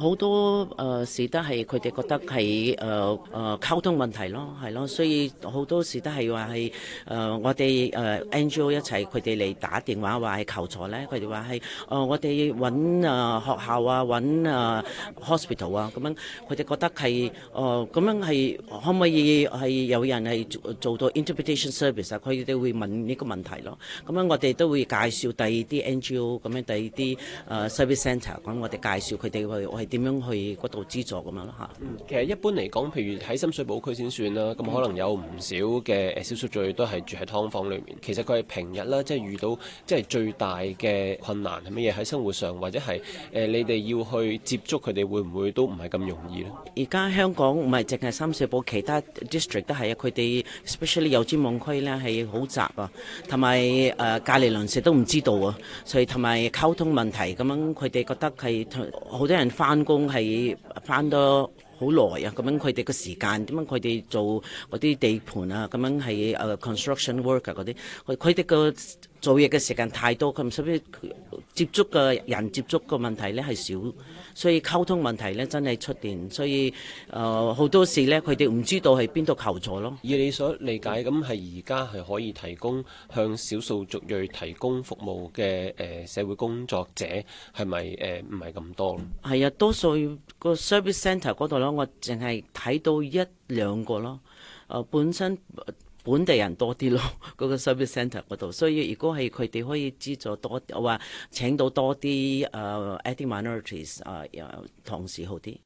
好多誒事都係佢哋覺得係誒誒溝通問題咯，係咯，所以好多時都係話係誒我哋誒 NGO 一齊，佢哋嚟打電話話係求助咧，佢哋話係誒我哋搵誒學校啊，搵誒 hospital 啊，咁樣佢哋覺得係誒咁樣係可唔可以係有人係做做到 interpretation service 啊，佢哋會問呢個問題咯。咁樣我哋都會介紹第二啲 NGO，咁樣第二啲誒 service center，咁我哋介紹佢哋去。點樣去骨度資助咁樣咯嚇？嗯，其實一般嚟講，譬如喺深水埗區先算啦，咁可能有唔少嘅誒少數族裔都係住喺劏房裏面。其實佢係平日啦，即係遇到即係最大嘅困難係乜嘢喺生活上，或者係誒、呃、你哋要去接觸佢哋，會唔會都唔係咁容易呢？而家香港唔係淨係深水埗，其他 district 都係啊。佢哋 especially 油尖旺區咧係好雜啊，同埋誒隔離鄰舍都唔知道啊，所以同埋溝通問題咁樣，佢哋覺得係好多人翻。返工係返多。好耐啊！咁樣佢哋個時間點樣？佢哋做嗰啲地盤啊，咁樣係誒 construction worker 嗰、啊、啲。佢佢哋個做嘢嘅時間太多，咁所以接觸嘅人，人接觸嘅問題咧係少，所以溝通問題咧真係出現。所以誒好、呃、多時咧，佢哋唔知道喺邊度求助咯。以你所理解，咁係而家係可以提供向少數族裔提供服務嘅誒、呃、社會工作者，係咪誒唔係咁多？係啊，多數。個 service centre 嗰度咧，我淨係睇到一兩個咯。誒、呃，本身、呃、本地人多啲咯，嗰、嗰個 service centre 嗰度，所以如果係佢哋可以資助多，我話請到多啲 ethnic、呃、minorities 啊、呃呃，同事好啲。